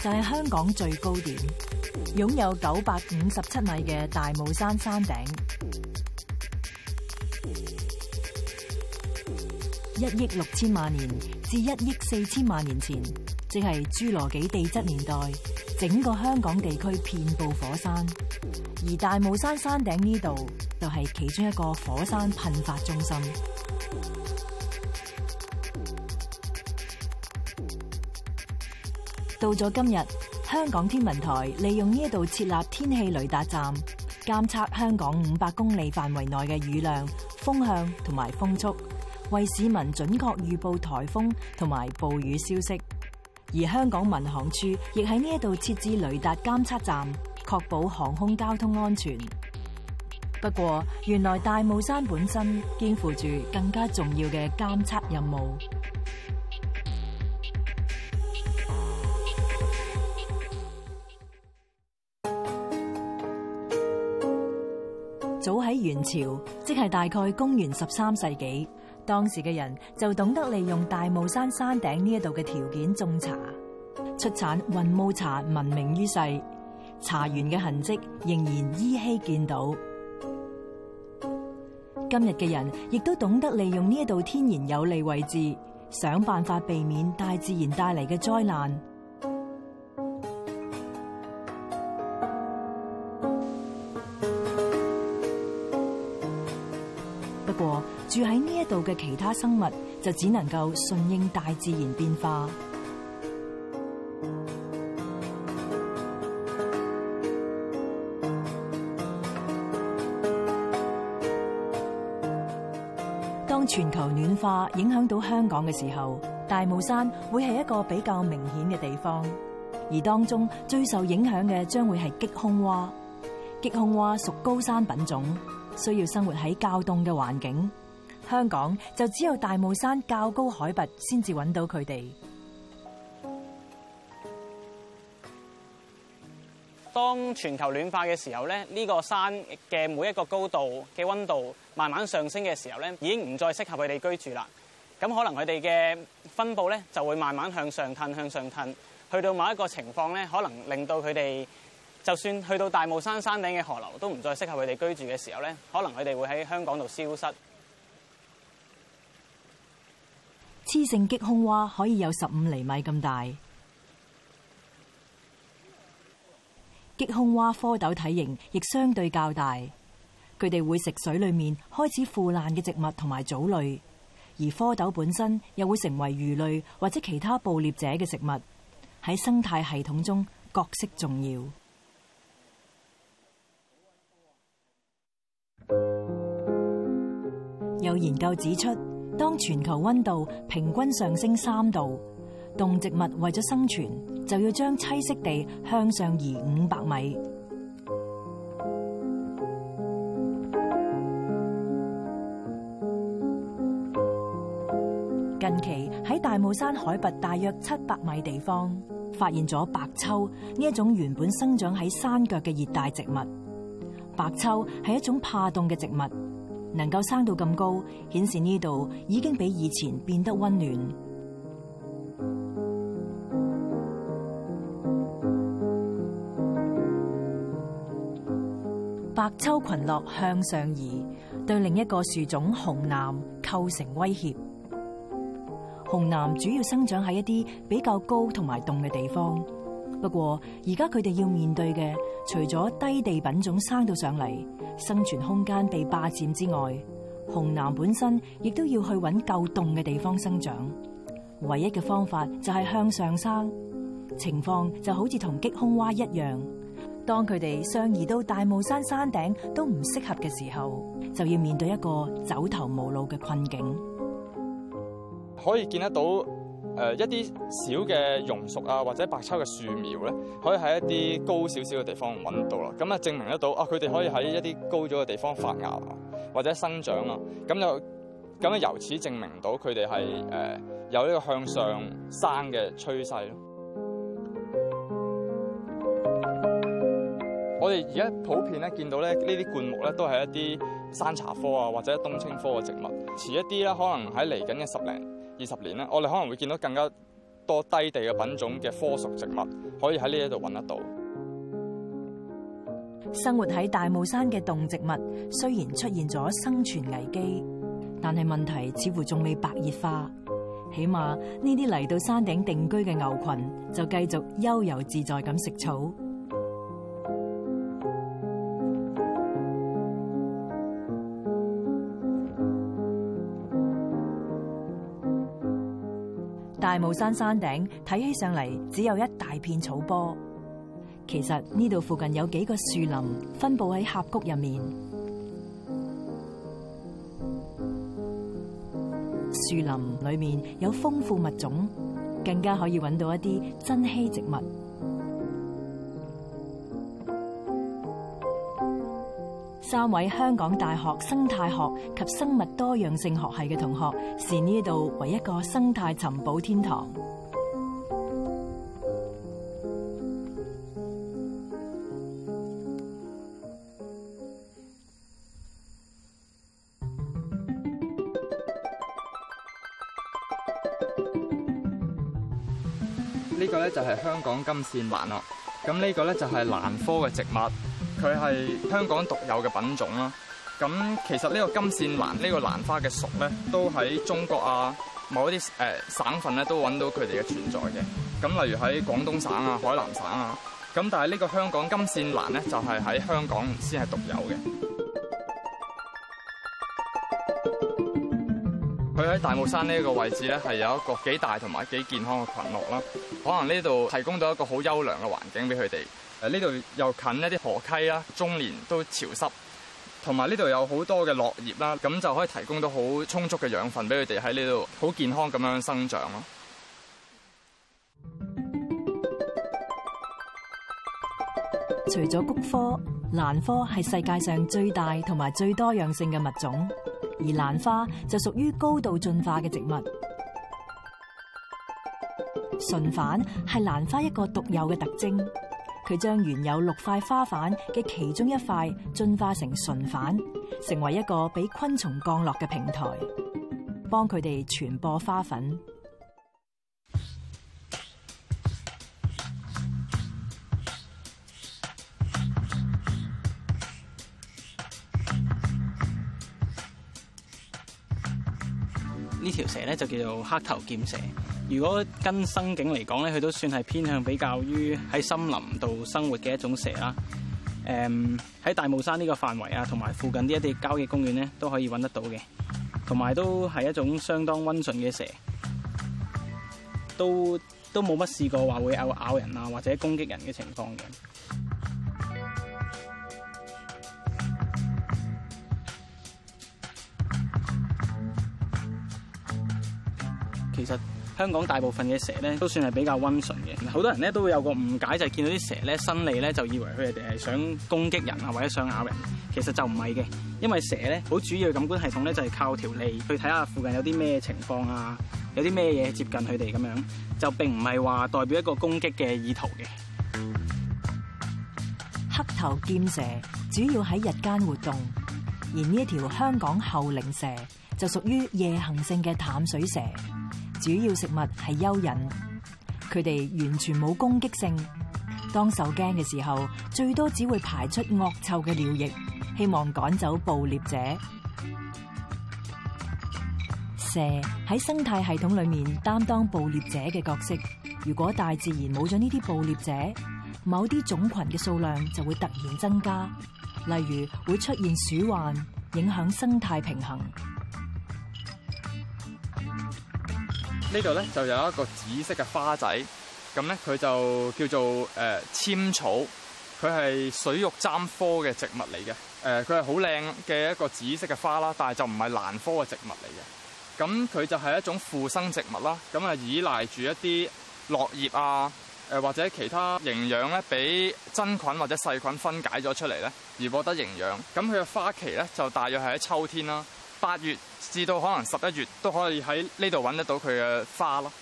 就係香港最高點，擁有九百五十七米嘅大帽山山頂。一億六千萬年至一億四千萬年前，即係侏羅紀地質年代，整個香港地區遍布火山，而大帽山山頂呢度就係其中一個火山噴發中心。到咗今日，香港天文台利用呢度設立天氣雷達站，監測香港五百公里範圍內嘅雨量、風向同埋風速，為市民準確預報颱風同埋暴雨消息。而香港民航處亦喺呢度設置雷達監測站，確保航空交通安全。不過，原來大帽山本身肩負住更加重要嘅監測任務。早喺元朝，即係大概公元十三世紀，當時嘅人就懂得利用大帽山山頂呢一度嘅條件種茶，出產雲霧茶聞名於世，茶園嘅痕跡仍然依稀見到。今日嘅人亦都懂得利用呢一度天然有利位置，想辦法避免大自然帶嚟嘅災難。嘅其他生物就只能夠順應大自然變化。當全球暖化影響到香港嘅時候，大帽山會係一個比較明顯嘅地方，而當中最受影響嘅將會係棘胸蛙。棘胸蛙屬高山品種，需要生活喺較凍嘅環境。香港就只有大帽山較高海拔先至揾到佢哋。當全球暖化嘅時候咧，呢個山嘅每一個高度嘅溫度慢慢上升嘅時候咧，已經唔再適合佢哋居住啦。咁可能佢哋嘅分布咧，就會慢慢向上褪向上褪，去到某一個情況咧，可能令到佢哋就算去到大帽山山頂嘅河流都唔再適合佢哋居住嘅時候咧，可能佢哋會喺香港度消失。雌性棘胸蛙可以有十五厘米咁大，棘胸蛙蝌蚪體型亦相對較大，佢哋會食水裏面開始腐爛嘅植物同埋藻類，而蝌蚪本身又會成為魚類或者其他捕獵者嘅食物，喺生態系統中角色重要。有研究指出，當全球溫度平均上升三度，動植物為咗生存，就要將棲息地向上移五百米。近期喺大帽山海拔大約七百米地方，發現咗白秋呢一種原本生長喺山腳嘅熱帶植物。白秋係一種怕凍嘅植物。能夠生到咁高，顯示呢度已經比以前變得溫暖。白秋群落向上移，對另一個樹種紅楠構成威脅。紅楠主要生長喺一啲比較高同埋凍嘅地方。不過而家佢哋要面對嘅，除咗低地品種生到上嚟，生存空間被霸佔之外，紅楠本身亦都要去揾夠凍嘅地方生長。唯一嘅方法就係向上生，情況就好似同棘胸蛙一樣。當佢哋上移到大帽山山頂都唔適合嘅時候，就要面對一個走投無路嘅困境。可以見得到。誒、呃、一啲小嘅榕樹啊，或者白秋嘅樹苗咧，可以喺一啲高少少嘅地方揾到啦。咁啊，證明得到啊，佢哋可以喺一啲高咗嘅地方發芽、啊、或者生長啊。咁就咁啊，由此證明到佢哋係誒有呢個向上生嘅趨勢咯。我哋而家普遍咧，見到咧，呢啲灌木咧，都係一啲山茶科啊或者冬青科嘅植物。遲一啲咧，可能喺嚟緊嘅十零二十年喇，我哋可能會見到更加多低地嘅品種嘅科屬植物，可以喺呢一度搵得到。生活喺大帽山嘅動植物雖然出現咗生存危機，但係問題似乎仲未白熱化。起碼呢啲嚟到山頂定居嘅牛群，就繼續悠遊自在咁食草。大帽山山頂睇起上嚟只有一大片草坡，其實呢度附近有幾個樹林分布喺峽谷入面，樹林裏面有豐富物種，更加可以揾到一啲珍稀植物。三位香港大學生態學及生物多樣性學系嘅同學，視呢度為一個生態尋寶天堂。呢個咧就係香港金線蘭咯。咁、這、呢個咧就係蘭科嘅植物。佢係香港獨有嘅品種啦。咁其實呢個金線蘭呢、呢個蘭花嘅屬咧，都喺中國啊某一啲誒、呃、省份咧都揾到佢哋嘅存在嘅。咁例如喺廣東省啊、海南省啊。咁但係呢個香港金線蘭咧，就係、是、喺香港先係獨有嘅。喺大帽山呢個位置咧，係有一個幾大同埋幾健康嘅群落啦。可能呢度提供到一個好優良嘅環境俾佢哋。誒，呢度又近一啲河溪啦，終年都潮濕，同埋呢度有好多嘅落葉啦，咁就可以提供到好充足嘅養分俾佢哋喺呢度好健康咁樣生長咯。除咗菊科，蘭科係世界上最大同埋最多樣性嘅物種。而蘭花就屬於高度進化嘅植物，唇瓣係蘭花一個獨有嘅特徵。佢將原有六塊花瓣嘅其中一塊進化成唇瓣，成為一個俾昆蟲降落嘅平台，幫佢哋傳播花粉。這條蛇咧就叫做黑頭劍蛇，如果跟生境嚟講咧，佢都算係偏向比較於喺森林度生活嘅一種蛇啦。誒，喺大帽山呢個範圍啊，同埋附近啲一啲郊野公園咧都可以揾得到嘅，同埋都係一種相當溫順嘅蛇，都都冇乜試過話會有咬咬人啊或者攻擊人嘅情況嘅。其實香港大部分嘅蛇咧都算係比較溫順嘅。好多人咧都會有個誤解，就係見到啲蛇咧伸脷咧，就以為佢哋係想攻擊人啊，或者想咬人。其實就唔係嘅，因為蛇咧好主要嘅感官系統咧就係靠條脷去睇下附近有啲咩情況啊，有啲咩嘢接近佢哋咁樣，就並唔係話代表一個攻擊嘅意圖嘅。黑頭劍蛇主要喺日間活動，而呢一條香港後鈴蛇就屬於夜行性嘅淡水蛇。主要食物係蚯蚓，佢哋完全冇攻擊性。當受驚嘅時候，最多只會排出惡臭嘅尿液，希望趕走捕獵者。蛇喺生態系統裏面擔當捕獵者嘅角色。如果大自然冇咗呢啲捕獵者，某啲種群嘅數量就會突然增加，例如會出現鼠患，影響生態平衡。呢度咧就有一個紫色嘅花仔，咁咧佢就叫做誒、呃、籤草，佢係水玉簪科嘅植物嚟嘅，誒佢係好靚嘅一個紫色嘅花啦，但係就唔係蘭科嘅植物嚟嘅，咁佢就係一種附生植物啦，咁啊依賴住一啲落葉啊誒或者其他營養咧，俾真菌或者細菌分解咗出嚟咧，而獲得營養，咁佢嘅花期咧就大約係喺秋天啦、啊。八月至到可能十一月，都可以喺呢度揾得到佢嘅花咯。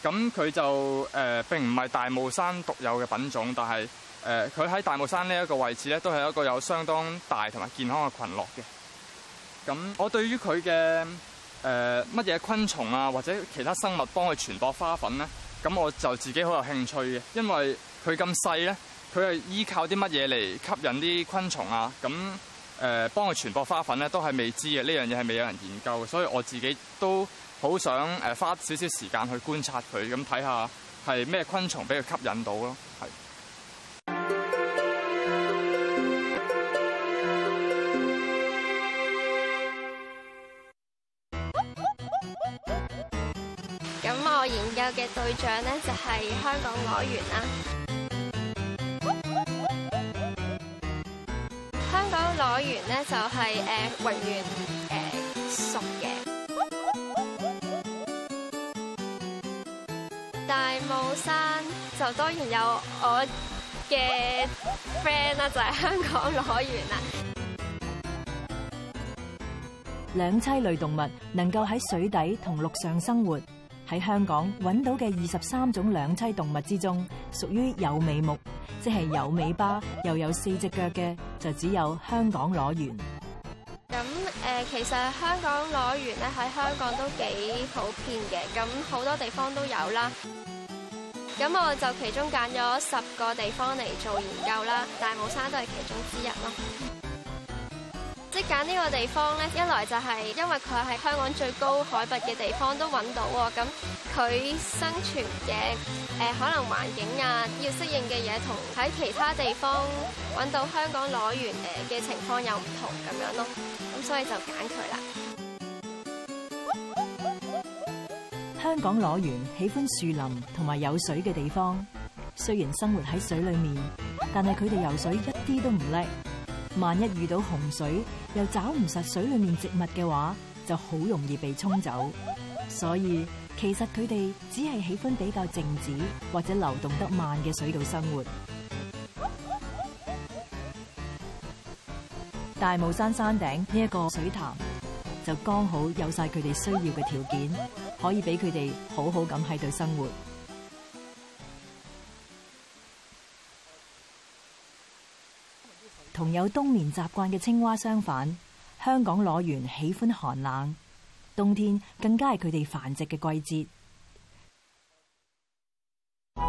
咁佢就誒、呃、並唔係大帽山獨有嘅品種，但係誒佢喺大帽山呢一個位置咧，都係一個有相當大同埋健康嘅群落嘅。咁我對於佢嘅誒乜嘢昆蟲啊或者其他生物幫佢傳播花粉咧，咁我就自己好有興趣嘅，因為佢咁細咧，佢係依靠啲乜嘢嚟吸引啲昆蟲啊？咁誒幫佢傳播花粉咧，都係未知嘅。呢樣嘢係未有人研究，所以我自己都好想誒花少少時間去觀察佢，咁睇下係咩昆蟲俾佢吸引到咯。係。咁我研究嘅對象呢，就係、是、香港裸猿啦。員咧就係誒，維園誒熟嘅。大帽山就當然有我嘅 friend 啦，就係香港瘰螈啦。兩棲類動物能夠喺水底同陸上生活。喺香港揾到嘅二十三種兩棲動物之中，屬於有尾目，即係有尾巴又有四隻腳嘅。就只有香港攞元。咁誒、呃，其實香港攞元咧喺香港都幾普遍嘅，咁好多地方都有啦。咁我就其中揀咗十個地方嚟做研究啦，大帽山都係其中之一囉。即係揀呢個地方咧，一來就係因為佢係香港最高海拔嘅地方都揾到喎，咁佢生存嘅，誒、呃、可能環境啊，要適應嘅嘢同喺其他地方揾到香港瘰螈誒嘅情況又唔同咁樣咯，咁所以就揀佢啦。香港瘰螈喜歡樹林同埋有水嘅地方，雖然生活喺水裏面，但係佢哋游水一啲都唔叻。萬一遇到洪水，又找唔實水裏面植物嘅話，就好容易被沖走。所以其實佢哋只係喜歡比較靜止或者流動得慢嘅水度生活。大帽山山頂呢一個水潭，就剛好有晒佢哋需要嘅條件，可以俾佢哋好好咁喺度生活。同有冬眠習慣嘅青蛙相反，香港裸螈喜歡寒冷，冬天更加係佢哋繁殖嘅季節。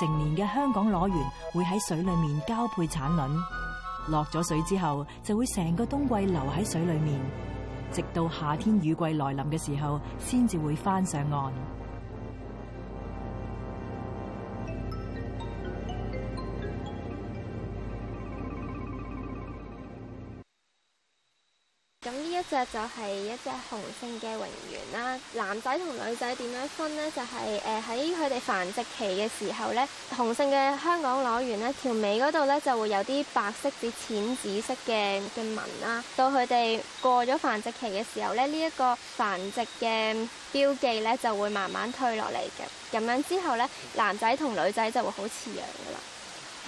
成年嘅香港裸螈會喺水裏面交配產卵，落咗水之後就會成個冬季留喺水裏面，直到夏天雨季來臨嘅時候，先至會返上岸。咁呢一隻就係一隻雄性嘅瘰螈啦。男仔同女仔點樣分呢？就係誒喺佢哋繁殖期嘅時候呢，雄性嘅香港瘰螈呢條尾嗰度呢，就會有啲白色至淺紫色嘅嘅紋啦。到佢哋過咗繁殖期嘅時候呢，呢、這、一個繁殖嘅標記呢，就會慢慢退落嚟嘅。咁樣之後呢，男仔同女仔就會好似樣噶啦。.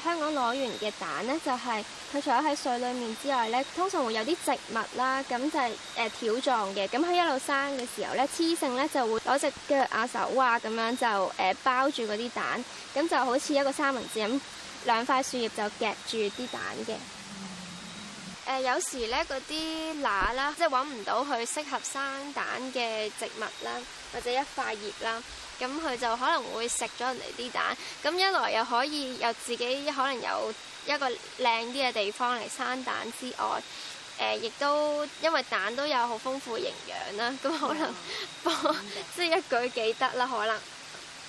香港攞完嘅蛋呢，就係、是、佢除咗喺水裏面之外呢，通常會有啲植物啦，咁就係、是、誒、呃、條狀嘅，咁佢一路生嘅時候呢，雌性呢就會攞隻腳啊、手啊咁樣就誒、呃、包住嗰啲蛋，咁就好似一個三文治咁，兩塊樹葉就夾住啲蛋嘅、呃。有時呢，嗰啲乸啦，即係搵唔到佢適合生蛋嘅植物啦，或者一塊葉啦。咁佢就可能會食咗人哋啲蛋，咁一來又可以有自己可能有一個靚啲嘅地方嚟生蛋之外，誒亦都因為蛋都有好豐富營養啦，咁可能幫即係一舉幾得啦。可能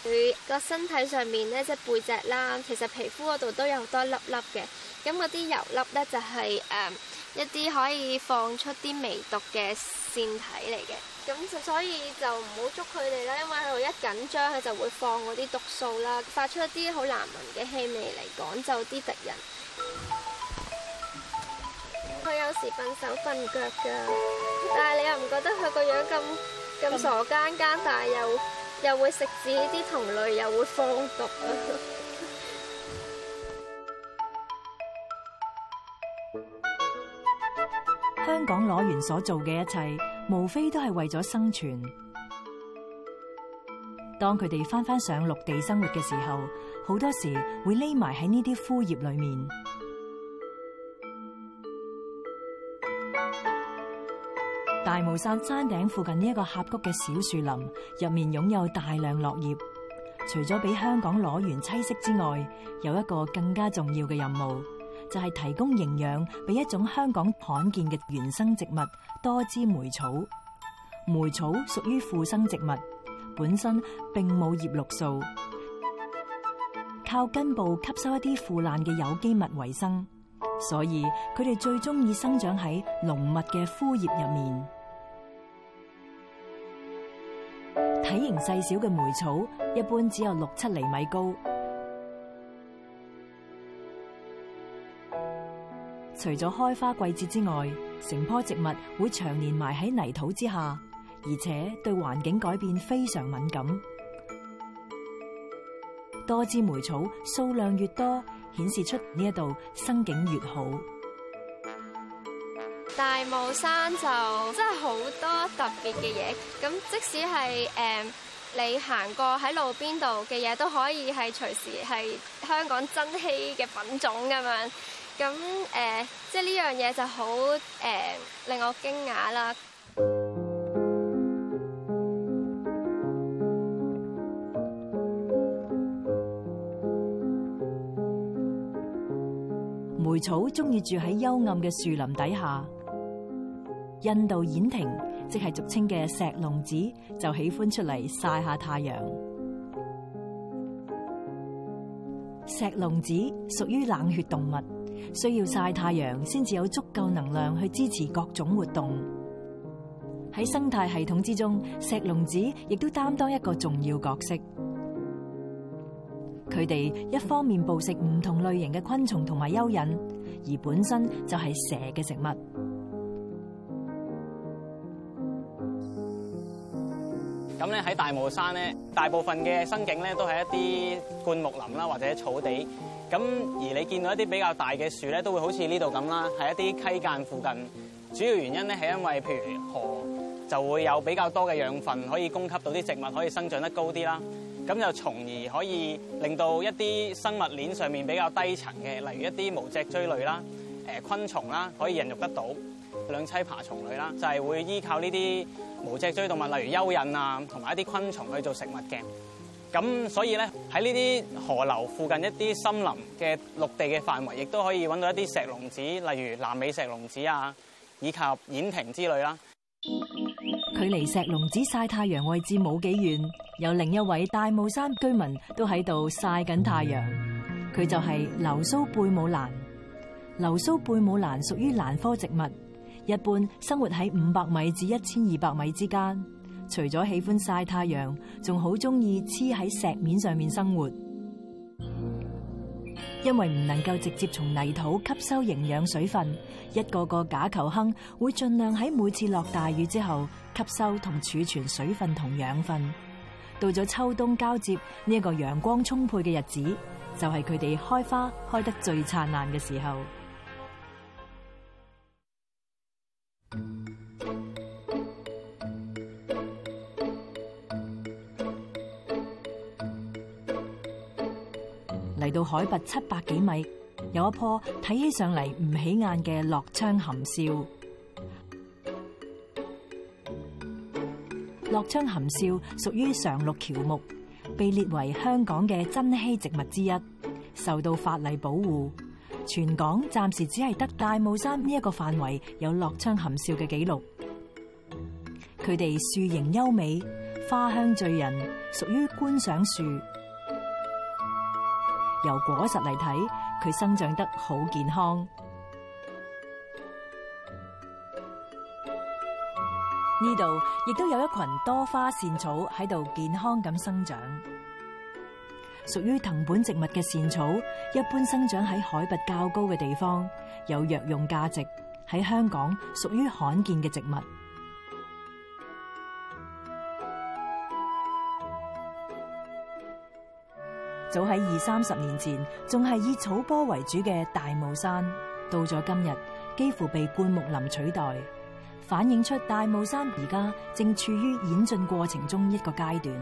佢個 身體上面咧，即係背脊啦，其實皮膚嗰度都有好多粒粒嘅，咁嗰啲油粒咧就係誒一啲可以放出啲微毒嘅腺體嚟嘅。咁所以就唔好捉佢哋啦，因為佢一緊張，佢就會放嗰啲毒素啦，發出一啲好難聞嘅氣味嚟趕走啲敵人。佢有時笨手笨腳噶，但係你又唔覺得佢個樣咁咁傻奸奸，但係又又會食自己啲同類，又會放毒啊！嗯、 香港攞完所做嘅一切。無非都係為咗生存。當佢哋翻返上陸地生活嘅時候，好多時會匿埋喺呢啲枯葉裏面。大帽山山頂附近呢一個峽谷嘅小樹林，入面擁有大量落葉。除咗俾香港瘰螈棲息之外，有一個更加重要嘅任務，就係提供營養俾一種香港罕見嘅原生植物多枝梅草。梅草屬於附生植物，本身並冇葉綠素，靠根部吸收一啲腐爛嘅有機物為生，所以佢哋最中意生長喺濃密嘅枯葉入面。體型細小嘅梅草一般只有六七厘米高。除咗開花季節之外，成棵植物會長年埋喺泥土之下，而且對環境改變非常敏感。多枝梅草數量越多，顯示出呢一度生境越好。大帽山就真係好多特別嘅嘢，咁即使係誒、嗯、你行過喺路邊度嘅嘢，都可以係隨時係香港珍稀嘅品種咁樣。咁誒，即係呢樣嘢就好誒、呃，令我驚訝啦！梅草中意住喺幽暗嘅樹林底下，印度演亭即係俗稱嘅石龍子，就喜歡出嚟曬下太陽。石龍子屬於冷血動物，需要曬太陽先至有足夠能量去支持各種活動。喺生態系統之中，石龍子亦都擔當一個重要角色。佢哋一方面捕食唔同類型嘅昆蟲同埋蚯蚓，而本身就係蛇嘅食物。咁咧喺大帽山咧，大部分嘅生境咧都係一啲灌木林啦，或者草地。咁而你見到一啲比較大嘅樹咧，都會好似呢度咁啦，係一啲溪澗附近。主要原因咧係因為譬如河就會有比較多嘅養分，可以供給到啲植物可以生長得高啲啦。咁就從而可以令到一啲生物鏈上面比較低層嘅，例如一啲無脊椎類啦、誒昆蟲啦，可以孕育得到。兩棲爬蟲類啦，就係會依靠呢啲無脊椎動物，例如蚯蚓啊，同埋一啲昆蟲去做食物嘅。咁所以咧喺呢啲河流附近一啲森林嘅陸地嘅範圍，亦都可以揾到一啲石龍子，例如南美石龍子啊，以及燕蜓之類啦。距離石龍子曬太陽位置冇幾遠，有另一位大帽山居民都喺度曬緊太陽。佢就係流蘇貝母蘭。流蘇貝母蘭屬於蘭科植物。一般生活喺五百米至一千二百米之間，除咗喜歡曬太陽，仲好中意黐喺石面上面生活，因為唔能夠直接從泥土吸收營養水分。一個個假球莖會盡量喺每次落大雨之後吸收同儲存水分同養分。到咗秋冬交接呢個陽光充沛嘅日子，就係佢哋開花開得最燦爛嘅時候。嚟到海拔七百幾米，有一棵睇起上嚟唔起眼嘅樂昌含笑。樂昌含笑屬於常綠喬木，被列為香港嘅珍稀植物之一，受到法例保護。全港暫時只係得大帽山呢一個範圍有樂昌含笑嘅記錄。佢哋樹形優美，花香醉人，屬於觀賞樹。由果實嚟睇，佢生長得好健康。呢度亦都有一群多花茜草喺度健康咁生長。屬於藤本植物嘅茜草，一般生長喺海拔較高嘅地方，有藥用價值。喺香港屬於罕見嘅植物。早喺二三十年前，仲係以草坡為主嘅大帽山，到咗今日，幾乎被灌木林取代，反映出大帽山而家正處於演進過程中一個階段。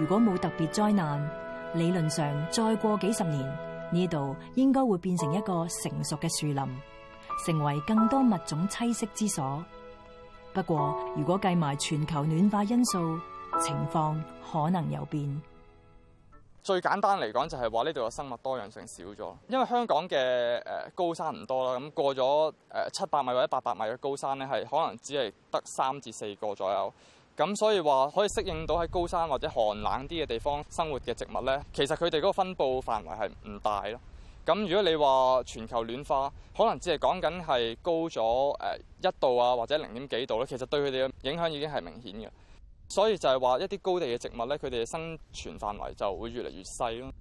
如果冇特別災難，理論上再過幾十年，呢度應該會變成一個成熟嘅樹林，成為更多物種棲息之所。不過，如果計埋全球暖化因素，情況可能有變。最簡單嚟講就係話呢度嘅生物多樣性少咗，因為香港嘅誒高山唔多啦，咁過咗誒七百米或者八百米嘅高山呢，係可能只係得三至四個左右。咁所以話可以適應到喺高山或者寒冷啲嘅地方生活嘅植物呢，其實佢哋嗰個分布範圍係唔大咯。咁如果你話全球暖化，可能只係講緊係高咗誒一度啊，或者零點幾度呢，其實對佢哋嘅影響已經係明顯嘅。所以就係話，一啲高地嘅植物呢，佢哋嘅生存範圍就會越嚟越細。